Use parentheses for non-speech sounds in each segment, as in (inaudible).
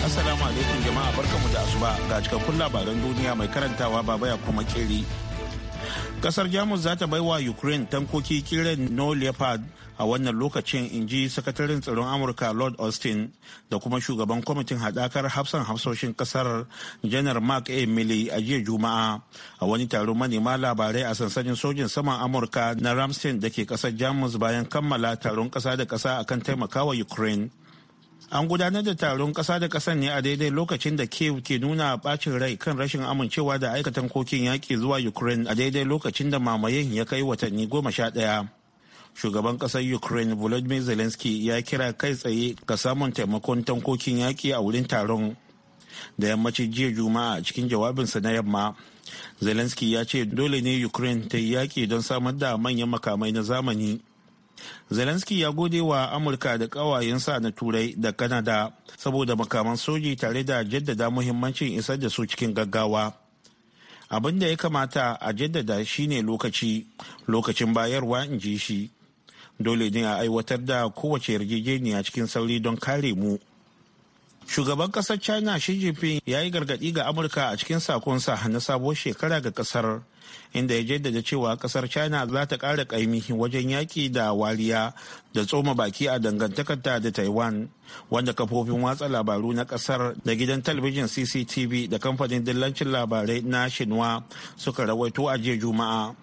Assalamu alaikum jama'a barkanmu da asuba ga cikakkun labaran duniya mai karantawa baba ya kuma kiri. Kasar Jamus za ta wa Ukraine tankoki kiran no Leopard a wannan lokacin in ji sakataren tsaron Amurka Lord Austin da kuma shugaban kwamitin hadakar hafsan hafsoshin kasar janar Mark A. Milley a jiya Juma'a a wani taron manema labarai a sansanin sojin saman Amurka na Ramstein da ke kasar Jamus bayan kammala taron kasa da kasa akan taimakawa Ukraine. an gudanar da taron ƙasa da ƙasa ne a daidai lokacin da kiev ke nuna bacin rai kan rashin amincewa da aikatan kokin yaƙi zuwa ukraine a daidai lokacin da mamayen ya kai watanni goma sha ɗaya shugaban ƙasar ukraine volodymyr zelensky ya kira kai tsaye ga samun taimakon tankokin yaƙi a wurin taron da yammacin jiya juma'a cikin jawabinsa na yamma zelensky ya ce dole ne ukraine ta yi yaƙi don samar da manyan makamai na zamani Zelensky ya gode wa Amurka da sa na Turai da Kanada saboda makaman soji tare da jaddada muhimmancin isar da su cikin gaggawa. Abin da ya kamata a jaddada shine lokaci, lokacin bayarwa in ji shi. Dole ne a aiwatar da kowace yarjejeniya cikin sauri don kare mu Shugaban kasar China Xi Jinping ya yi gargaɗi ga Amurka a cikin sakonsa na sabuwar shekara ga kasar, inda ya jaddada cewa kasar China za ta ƙara ƙaimi wajen yaƙi da wariya da tsoma baki a dangantakarta da Taiwan, wanda kafofin watsa labaru na kasar da gidan talabijin CCTV da kamfanin dillancin labarai na Shinwa suka rawaito a jiya Juma'a.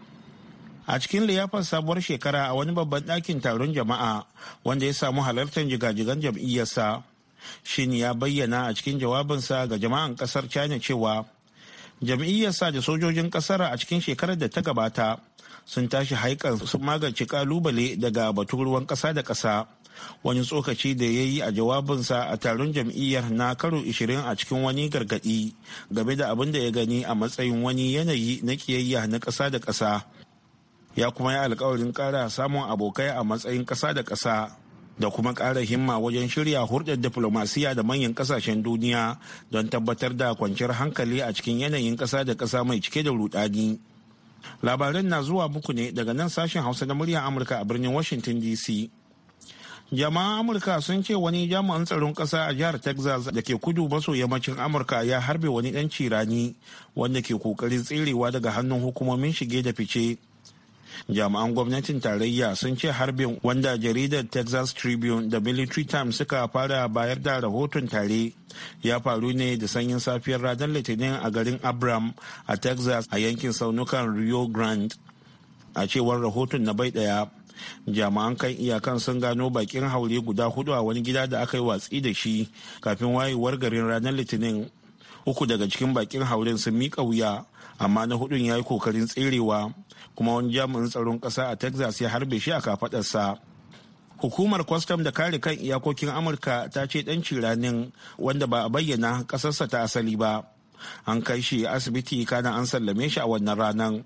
a cikin liyafar sabuwar shekara a wani babban ɗakin taron jama'a wanda ya samu halartar jiga-jigan jam'iyyarsa shin ya bayyana a cikin jawabinsa ga jama'an kasar china cewa sa da sojojin kasar a cikin shekarar da ta gabata sun tashi haikan sun magance kalubale daga batun ruwan kasa da kasa wani tsokaci da ya yi a jawabinsa a taron jam'iyyar na karo 20 a cikin wani gargadi game da abin da ya gani a matsayin wani yanayi na kiyayya na kasa da kasa ya kuma yi alkawarin kara samun abokai a matsayin kasa da kasa da kuma ƙara himma wajen shirya hurɗar diflomasiyya da manyan ƙasashen duniya don tabbatar da kwanciyar hankali a cikin yanayin ƙasa da ƙasa mai cike da rudani. Labaran na zuwa muku ne daga nan sashen Hausa na muryar Amurka a birnin Washington DC. Jama'an Amurka sun ce wani jami'an tsaron ƙasa a jihar Texas da ke kudu maso yammacin Amurka ya harbe wani ɗan cirani wanda ke ƙoƙarin tserewa daga hannun hukumomin shige da fice. jami'an gwamnatin tarayya sun ce harbin wanda jaridar texas tribune da military times suka fara bayar da rahoton tare ya faru ne da sanyin safiyar ranar litinin a garin abram a texas a yankin saunukan rio grande a cewar rahoton na bai daya jami'an kan iyakan sun gano bakin haure guda hudu a wani gida da aka yi watsi da shi kafin wayewar garin ranar litinin uku daga cikin bakin hauren sun miƙa wuya amma na hudun ya yi kokarin tserewa kuma wani jami'in tsaron ƙasa a texas ya harbe shi a kafaɗarsa hukumar kwastam da kare kan iyakokin amurka ta ce dan ciranin wanda ba a bayyana ƙasarsa ta asali ba an kai shi asibiti kana an sallame shi a wannan ranar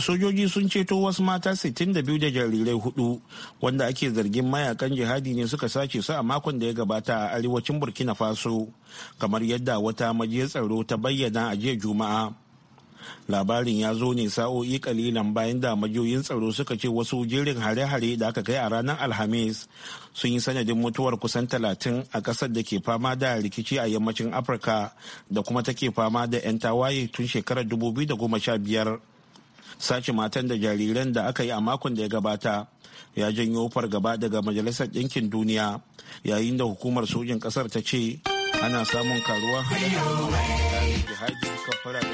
sojoji sun ceto wasu mata 62 da jarirai hudu wanda ake zargin mayakan jihadi ne suka sace su a makon da ya gabata a arewacin burkina faso kamar yadda wata majiyar tsaro ta bayyana a jiya juma'a labarin ya zo ne sa'o'i kalilan bayan da majiyoyin tsaro suka ce wasu jerin hare-hare da aka kai a ranar alhamis sun yi sanadin mutuwar kusan talatin a kasar da ke fama da rikici a yammacin afirka da kuma take fama da 'yan tawaye tun shekarar da sha biyar. sace matan da jariran da aka yi a makon da ya gabata ya janyo fargaba daga majalisar ɗinkin duniya yayin da hukumar sojin ƙasar ta ce ana samun karuwa hada-hada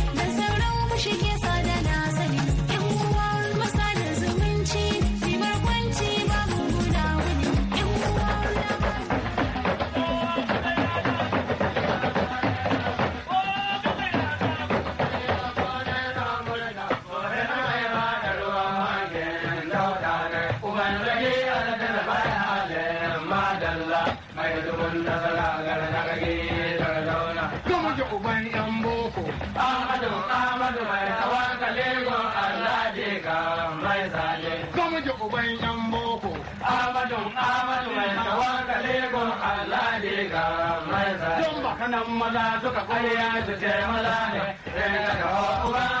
uban yan boko. Amadu Amadu mai tawakkale gun Allah ne ga mai zai. Don bakanan maza suka kwaya su ce maza ne. Sai daga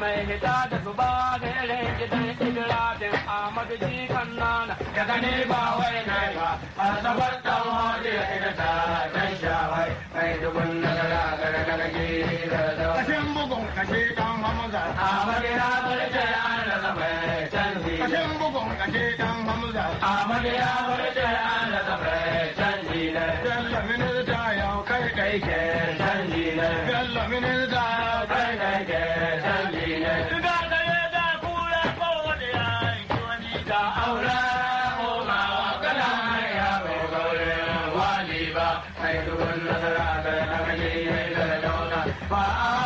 mai hita da zuba ba da irin gidan idiradin Ahmadu Jikan nana da gani ba wai na ba a sabar dan hori da ta, ta kan shawai mai dubun na gara gara gara gida da kashin bugun kashe dan hamza Ahmadu ya barce an da sabai canji kashin bugun kashe dan hamza Ahmadu ya barce an da sabai canji da dalla ta yau kai kai ke ba mai dubun nasara da na mai da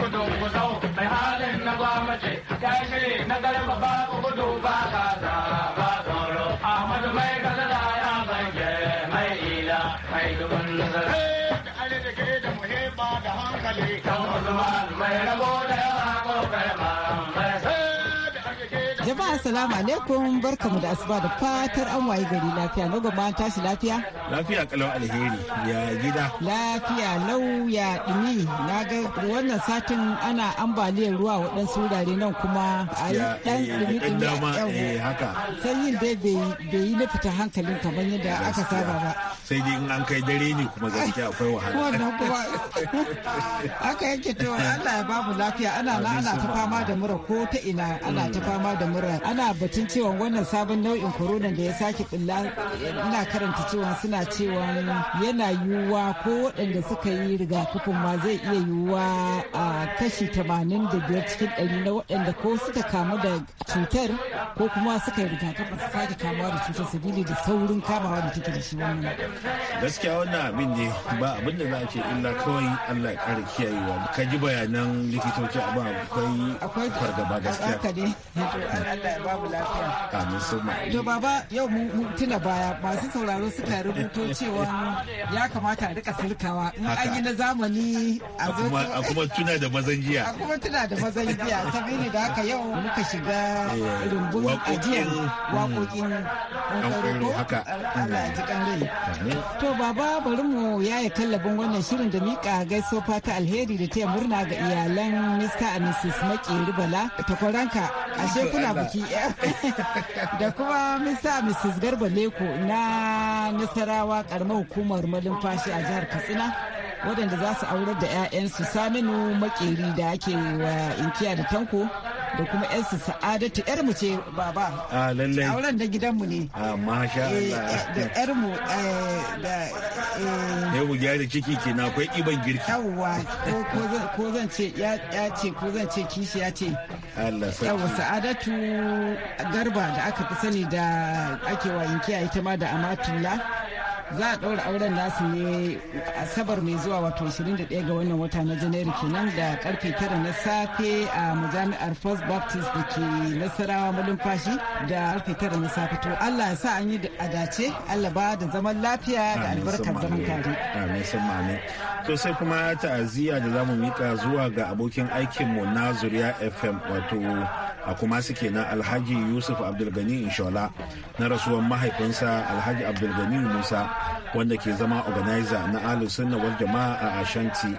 kudu ku zau mai halin na gwamnati ya na garba ba ku gudu ba kasa ba tsoro mai kasada ya banke mai ila mai dubun nazara da ale da ke da muhimma da hankali kan usman mai rabo da Assalamu alaikum barkamu da asuba da fatar an waye gari lafiya na gaba tashi lafiya lafiya kalau alheri ya gida lafiya lau ya dumi na ga wannan satin ana ambaliyar ruwa waɗansu wurare nan kuma a yi ɗan dumi dumi a sanyin dai bai yi na fita hankalin kamar yadda aka saba ba sai dai in an kai dare ne kuma gaskiya akwai wahala (laughs) wannan kuma aka yanke to Allah ya babu lafiya ana na ana ta fama da mura ko ta ina ana ta fama da mura ana batun cewa wannan sabon nau'in korona da ya sake ɓilla ina karanta cewa suna cewa yana yiwuwa ko waɗanda suka yi rigakafin ma zai iya yiwuwa a kashi 85 cikin ɗari na waɗanda ko suka kamu da cutar ko kuma suka yi rigakafin su sake kamuwa da cutar sabili da saurin kamawa da take da shi wannan gaskiya wannan abin ne ba abin da za a ce illa kawai Allah ya kare kiyayewa ka ji bayanan likitoci abin akwai fargaba gaskiya Allah ya babu lafiya. To baba yau mu tuna baya masu sauraro suka rubuto cewa ya kamata a rika sulkawa in an yi na zamani a zo a kuma tuna da mazan giya. A kuma tuna da mazan giya sabili da haka yau muka shiga eh, rumbun ajiyar waƙoƙin mm. ɗan haka. Allah ya ji kan rai. To baba bari mu yaye tallabin wannan shirin da mika gaiso fata alheri da taya murna ga iyalan Mr. and Mrs. Makeri Bala takwaranka ashe kuna buki (laughs) da kuma misa mrs garba leko na nasarawa karamar hukumar malumfashi a jihar katsina waɗanda za su aurar da 'ya'yansu saminu makeri da ake wa inkiya da tanko da kuma yarsa sa'adatu yar mu ce baba a lallai auren da gidanmu ne a masha eh, Allah yar eh, mu eh, da eh mu gyara ciki ke na akwai iban girki yawa ko zan ce ya ce ko zan ce kishi ya ce Allah sai yawa sa'adatu garba da aka fi sani da ake wa inkiya ita ma da amatullah za a ɗaura auren nasu ne asabar mai zuwa wato 21 ga wannan wata na janairu kenan da karfe 9 na safe a majami'ar first baptist da ke nasarawa malumfashi da karfe 9 na safe to allah ya sa an yi a dace allah ba da zaman lafiya da albarkar zaman tare amin sun mamin to sai kuma ta'aziyya da zamu mika zuwa ga abokin aikinmu na zuriya fm wato a kuma suke na alhaji yusuf abdulgani inshola na rasuwar mahaifinsa alhaji abdulgani musa wanda ke zama organizer na alusunna wal jama'a a ashanti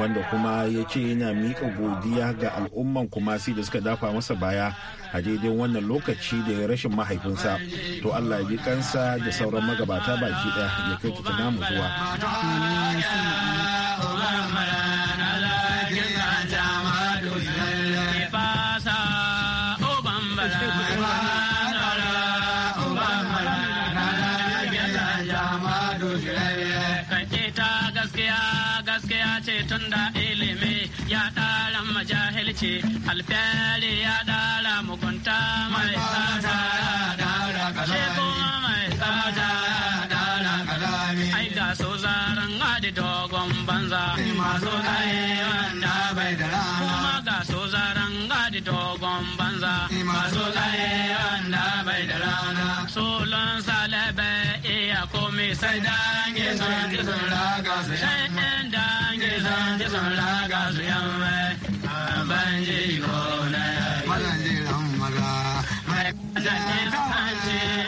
wanda kuma ya ce yana miƙa godiya ga al'umman kumasi da suka dafa masa baya a daidai wannan lokaci da ya rashin mahaifinsa to allah ya kansa da sauran magabata baki ɗaya ya kai ta namu zuwa ce alfiyari ya dara mugunta mai tsada ce kuma mai tsada ai ga so zaran adi dogon banza so kai wanda bai da rana kuma ga so zaran adi dogon banza so kai wanda bai da rana lon salabe iya komi sai dange sun ji sun raga su yamma. sai dange sun ji sun raga su yamma.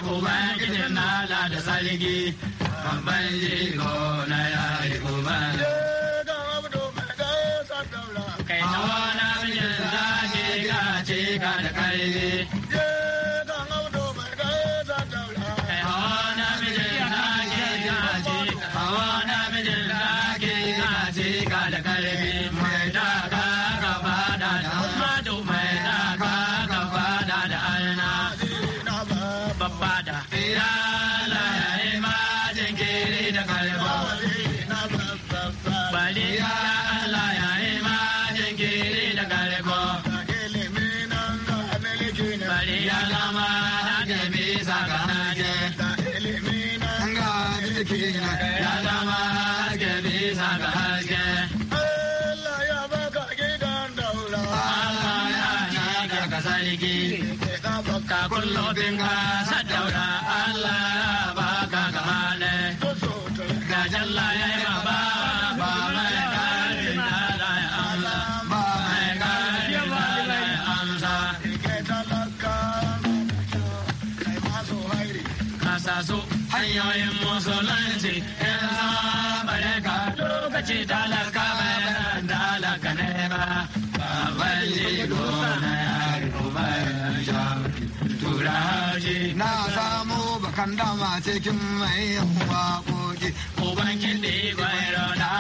Ubangiji na da sarki, babban jigo na yari Ubangiji. ka sarki ka kullo binga sadaura Allah ba ka gamane ga jalla ya na samu bakan dama cikin mai waƙoƙi. Uban kiɗi gwairo na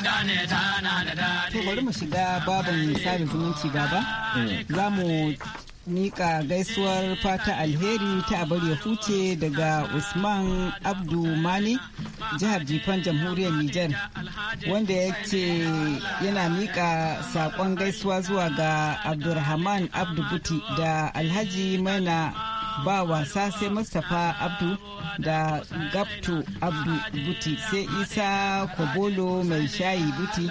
gane ta na da daɗi. bari mu shiga babin sada zumunci gaba. Eh. Za mu nika gaisuwar fata alheri ta abar ya huce daga usman abdu mani jihar jifan jamhuriyar niger wanda ya ce yana mika sakon gaisuwa zuwa ga abdulrahman abdu buti da alhaji maina ba wasa sai mustapha abdu da gabto abdu buti sai isa kobolo mai shayi buti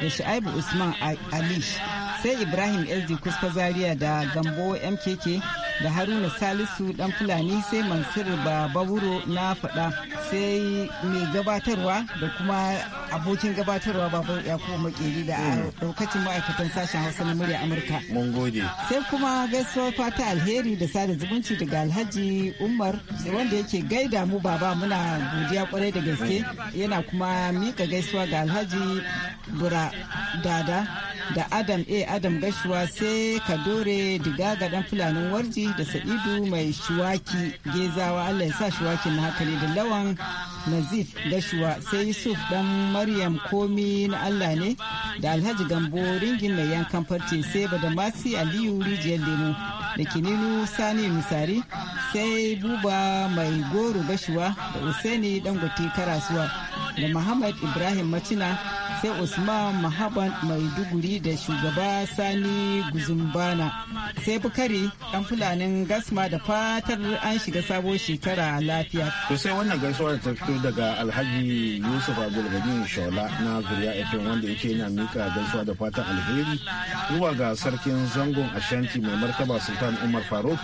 da sha'ibu usman ali sai ibrahim sd kuska zaria da gambo mkk da haruna salisu dan fulani sai mansur babawuro na fada sai mai gabatarwa da kuma abokin gabatarwa baban yakubu makeri da a mm. daukacin ma'aikatan sashen hausa na murya amurka mun gode sai kuma gaisuwar fata alheri da sada zumunci daga alhaji umar wanda yake gaida mu baba muna godiya kwarai da gaske yana kuma mika gaisuwa ga alhaji bura dada da adam a adam gashuwa sai kadore digaga dan fulanin warji da sa'idu mai shuwaki gezawa allah ya sa shuwakin na hakali da lawan nazif gashuwa sai yusuf dan maryam komi na allah ne da alhaji gambo ringin mai yankan farce sai ba da masi aliyu rijiyar lemu da kininu sani misari sai buba mai goro bashuwa da usaini dangote karasuwa da muhammad ibrahim macina sai usman mahaban maiduguri da shugaba sani guzumbana sai bukari dan fulanin gasma da fatar an shiga sabo shekara lafiya to sai wannan gaisuwar ta fito daga alhaji yusuf abdulgani shola na zuriya fm wanda yake yana mika gaisuwa da fatan alheri zuwa ga sarkin zangon ashanti mai martaba sultan umar faruk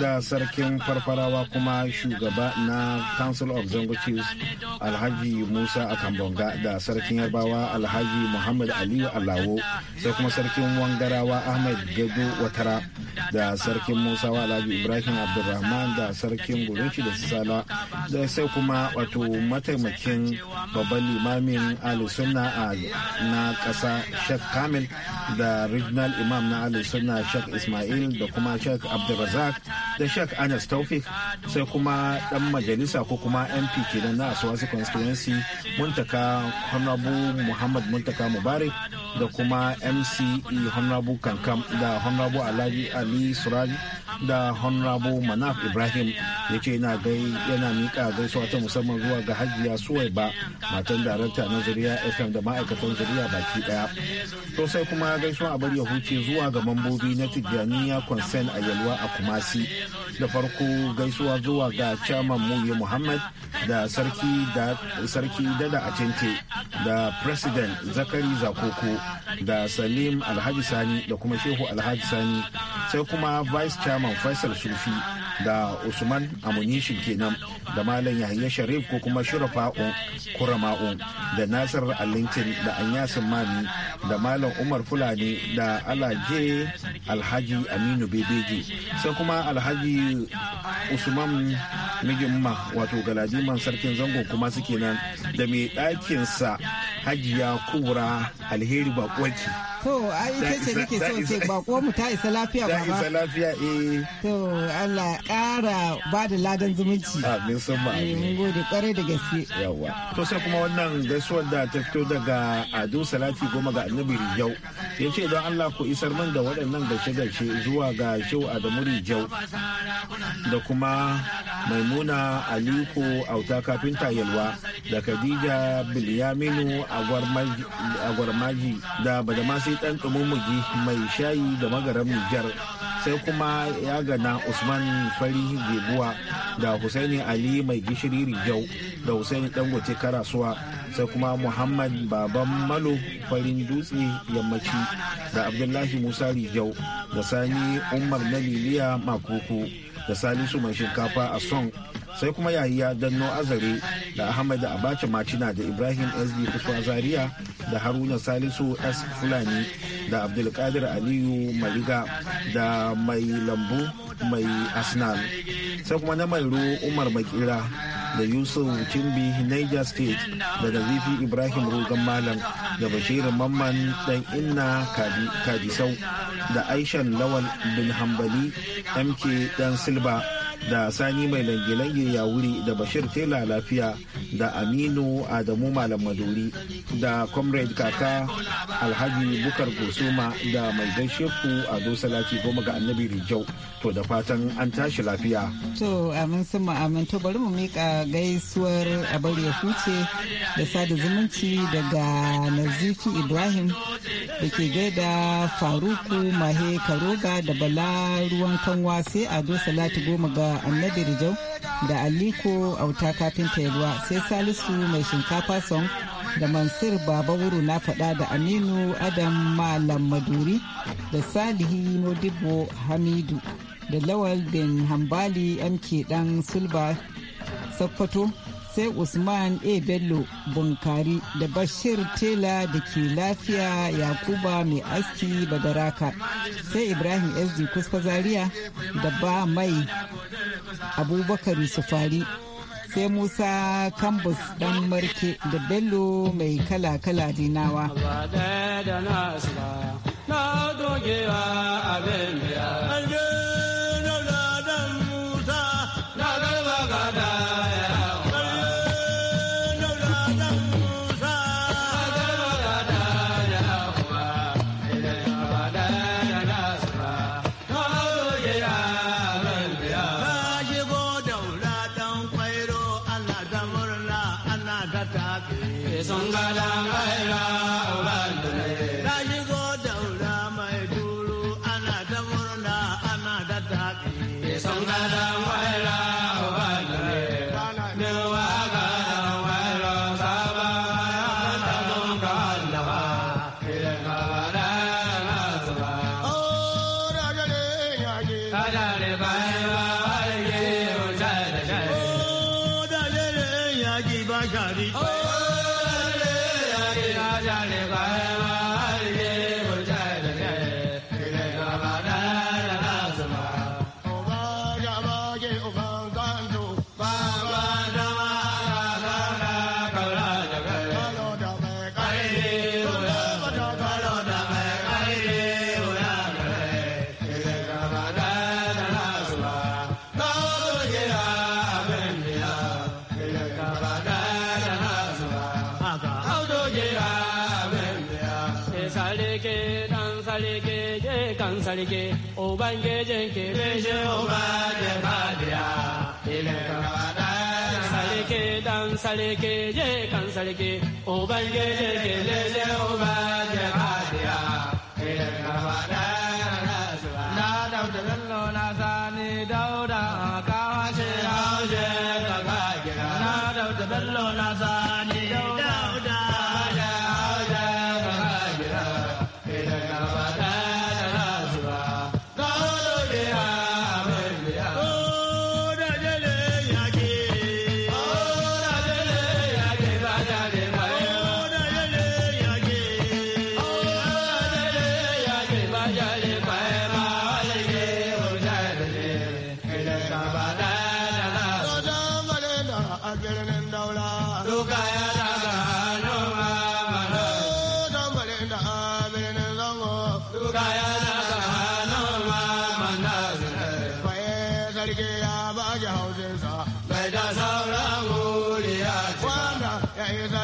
da sarkin farfarawa kuma shugaba na council of zango chiefs alhaji musa akambonga da sarkin yarbawa alhaji muhammad aliyu alawo sai kuma sarkin wangarawa ahmed gado watara da sarkin Musa wa alhaji ibrahim abdulrahman da sarkin gurinci da sala da sai kuma wato mataimakin babban limamin alisunna na ƙasa shek kamil da regional imam na alisunna shek ismail da kuma shek abdulrazak da Sheikh Anas Taufik sai kuma dan majalisa ko kuma MP kenan na Aswasi constituency Muntaka Honorable Muhammad Muntaka Mubarak da kuma MCE Honorable Kankam da Honorable Alhaji Ali Suraji da honorable manaf ibrahim ya ce yana gai yana mika gaisuwa ta musamman zuwa ga hajiya suwai ba matan darakta na zuriya fm da ma'aikatan zuriya baki daya to sai kuma gaisuwa a bari ya huce zuwa ga mambobi na tijjaniya consent a yalwa a kumasi da farko gaisuwa zuwa ga chairman muye muhammad da sarki da sarki dada acente da president zakari zakoko da salim alhaji sani da kuma shehu alhaji sani sai kuma vice chairman Muhammad Faisal Sufi da Usman Amunishin kenan da Malam Yahya Sharif ko kuma Shurafa'u Kurama'u da Nasir Alintin da Anyasin Mami da Malam Umar Fulani da Alaje Alhaji Aminu Bebeji sai kuma Alhaji Usman Mijimma wato Galadiman Sarkin Zango kuma suke nan da mai ɗakinsa Hajiya Kubra Alheri Bakwaki. To, ai ce nake so ce bako mu ta isa lafiya ba. Ta isa lafiya eh. To, Allah ƙara ba da ladan zumunci. Amin sun ba. Eh, mun gode kwarai da gaske. Yawwa. To sai kuma wannan gaisuwar da ta fito daga Ado Salati goma ga Annabi Rijau. Ya ce don Allah ku isar min da waɗannan gaishe-gaishe zuwa ga Shehu Adamu Rijau da kuma Maimuna Aliko Auta Kafinta Yalwa da Khadija Bilyaminu Agwarmaji da Badamasi sai Dan Tsumumugi mai shayi da magaran Nijar sai kuma ya gana Usman Fari Gebuwa da Husaini Ali mai gishiri Rijau da Husaini Dangote Karasuwa sai kuma Muhammad Baban Malo Farin Dutse Yammaci da Abdullahi Musa Rijau da Sani Umar na Liliya Makuku. da salisu mai shinkafa a song sai kuma yayiya danno azare da ahmad abacha macina da ibrahim sd kuswa zaria da haruna salisu s fulani da abdulkadir aliyu maliga da mai lambu mai arsenal sai kuma na mairo umar makira da yusuf kimbi niger state da nazifi ibrahim rogan malam da bashirin mamman dan inna kadisau da aishan lawal bin hambali mk dan silba da sani mai lange-lange ya wuri da bashir tela lafiya da aminu adamu malam maduri da comrade kaka alhaji bukar gosoma da mai gaishe ku ado salati goma ga annabi rijau to da fatan an tashi lafiya to amin sun amin to bari mu mika gaisuwar abar ya huce da sada zumunci daga nazifi ibrahim da ke gaida faruku mahe karoga da bala ruwan kanwa sai ado salati goma ga da annabi rijau da aliko auta kafinta yalwa sai salisu mai shinkafa song da mansur baba wuru na faɗa da aminu adam malam maduri da salihi modibo hamidu da lawal bin hambali mk dan sulba sakkwato sai usman a bello bunkari da bashir tela da ke lafiya yakuba mai aski badaraka sai ibrahim sd kuska zaria da ba mai abubakar sufari sai musa kambus dan marke da bello mai kala-kala dinawa na abin Hare Hare sarki je kan sarki uban je je je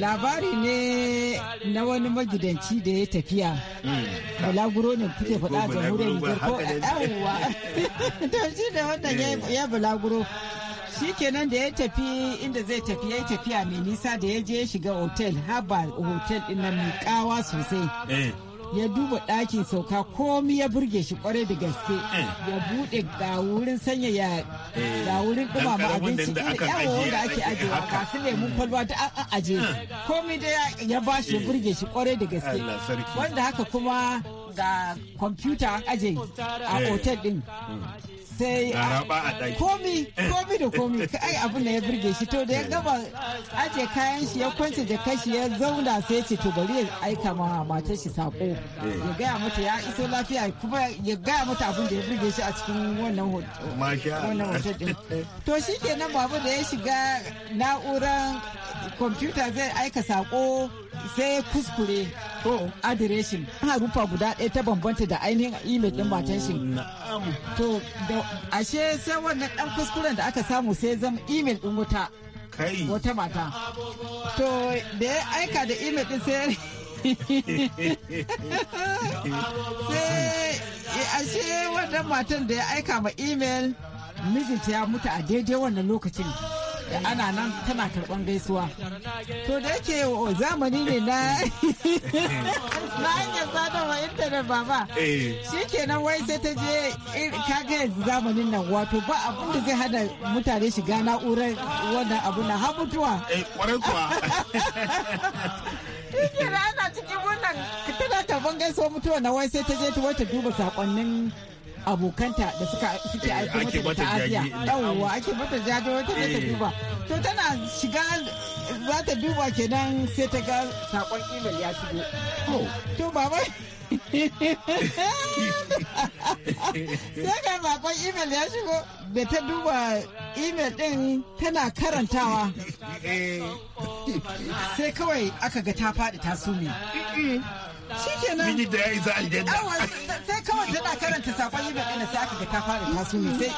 labari ne na wani magidanci da ya tafiya hmm. balaguro ne kuke faɗa jamhuriyar nijar ko yawwa (laughs) to shi da wannan eh. ya balaguro shi kenan da ya tafi inda zai tafi ya tafiya mai nisa da ya je ya shiga otel haba otel ɗin na kawa sosai eh. ya duba ɗakin sauka komi ya burge shi kwarai da gaske eh. ya buɗe ga wurin ya. ga eh. wurin ɗumama abinci da yawo da ake ajewa kasu lemun kwalba da an aje eh. komi da ya bashi ya burge shi kwarai da gaske wanda haka kuma ga kwamfuta an aje a eh. otel din sai komi eh. komi da komi kai abin da ya birge shi to da ya gaba aje kayan shi ya kwance da kashi ya zauna sai ya ce to bari ya aika ma matar shi sako eh. ya gaya mata ya iso lafiya kuma ya gaya mata abin da ya birge shi a cikin wannan hotel din (laughs) to shi kenan babu da ya shiga na'urar kwamfuta zai aika sako sai kuskure to adireshin harufa guda ɗaya ta bambanta da ainihin imel ɗin matan shi oh, to ashe sai wannan ɗan kuskuren da aka samu sai zama imel ɗin wuta wata mata to da ya aika da imel ɗin sai (laughs) sai ashe wannan matan da ya aika ma imel mijinta ya mutu a daidai wannan lokacin ana nan tana karban gaisuwa to da yake zamani ne na (laughs) na hanyar sadarwa intanet baba eh. shi nan wai sai ta je kaga yanzu zamanin nan wato ba abin da zai hada mutane shiga na'urar wannan abu na har mutuwa kwarai eh, kuwa (laughs) shi ana cikin wannan tana karban gaisuwa mutuwa na wai sai ta je ta wata duba sakonnin abokanta da suka suke eh, aiki mata da ta'aziya yawwa ake mata jaje wata ta eh. duba to tana shiga za ta duba kenan sai ta ga sakon imel ya shigo oh. to baba sai ga bakon email ya shigo da ta duba email din tana karantawa sai kawai aka ga ta faɗi ta sume shi mini da ya isa aljanna sai kawai tana karanta sakon yi din sai aka ga ta faɗi ta sume sai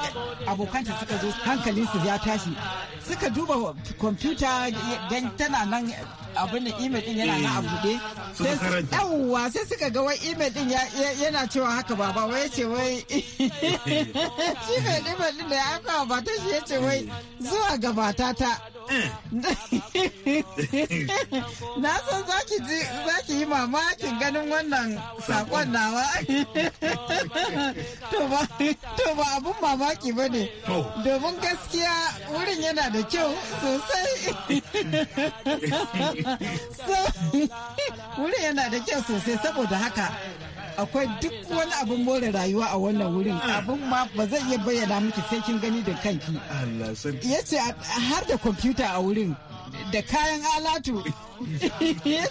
abokanta suka zo hankalinsu ya tashi suka duba kwamfuta don tana nan abin da email din yana na a eh. buɗe yauwa yawwa sai suka ga wai email din yana cewa haka baba wai ce wai (laughs) eh. shi ne email din da ya aka wa ta shi ya ce wai zuwa gabata ta. Na san za ki yi mamakin ganin wannan sakon nawa. To ba abun mamaki ba ne. Domin gaskiya wurin yana da kyau sosai. Wurin yana da kyau sosai saboda haka. akwai duk wani abin more rayuwa a wannan wurin abin ma ba zai iya bayyana miki sai kin gani da kanki ya ce har da kwamfuta a wurin da kayan alatu (laughs) ya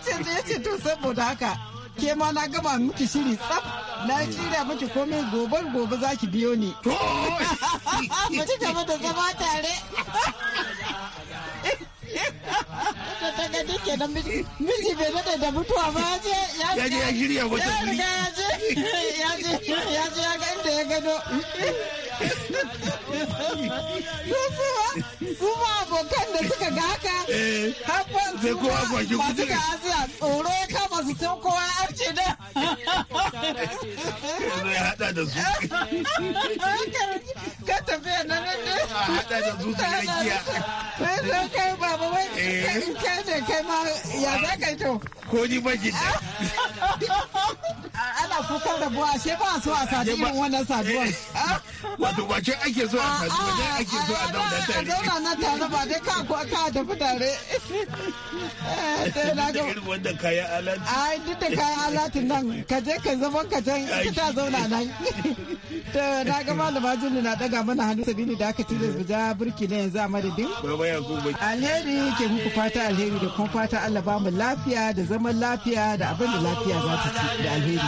ce to saboda haka ke ma na gama miki shiri tsaf na shirya miki komai gobe gobe za ki biyo ni. (laughs) Mace da zama ta. kenan miji bai daɗe da mutuwa ba ya je ya je ya shirya wata wuri ya je ya je ya je ya ga inda ya gado kuma abokan da suka ga haka haɓar eh, masu tsoro ya kama su sun kowa arce da ya da su (laughs) tafiya na nan ne da ba she ba so a sadu irin wannan a sadu eh. ah. ba dai ake so a ah, ah, zauna na tare ba dai ka ko tare eh, na ga wanda kayan nan ka je ka zama ka can ita ta zauna nan (laughs) na ga malama jini na daga mana wannan hannu ne da aka tilas ja burki na yanzu a madadin alheri ke muku fata alheri da kuma fata allah ba mu lafiya da zaman lafiya da abin da lafiya za ta ci da alheri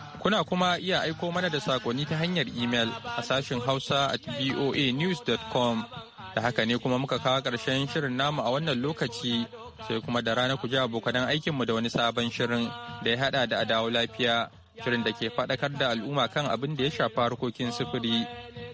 Kuna kuma iya aiko mana da sakonni ta hanyar imel a sashin Hausa at voanews.com. Da haka ne kuma muka kawo ƙarshen shirin namu a wannan lokaci sai kuma da rana ku ji abokanan aikinmu da wani sabon shirin da ya haɗa da adawo lafiya shirin da ke faɗakar da al'umma kan abin da ya shafa harkokin sufuri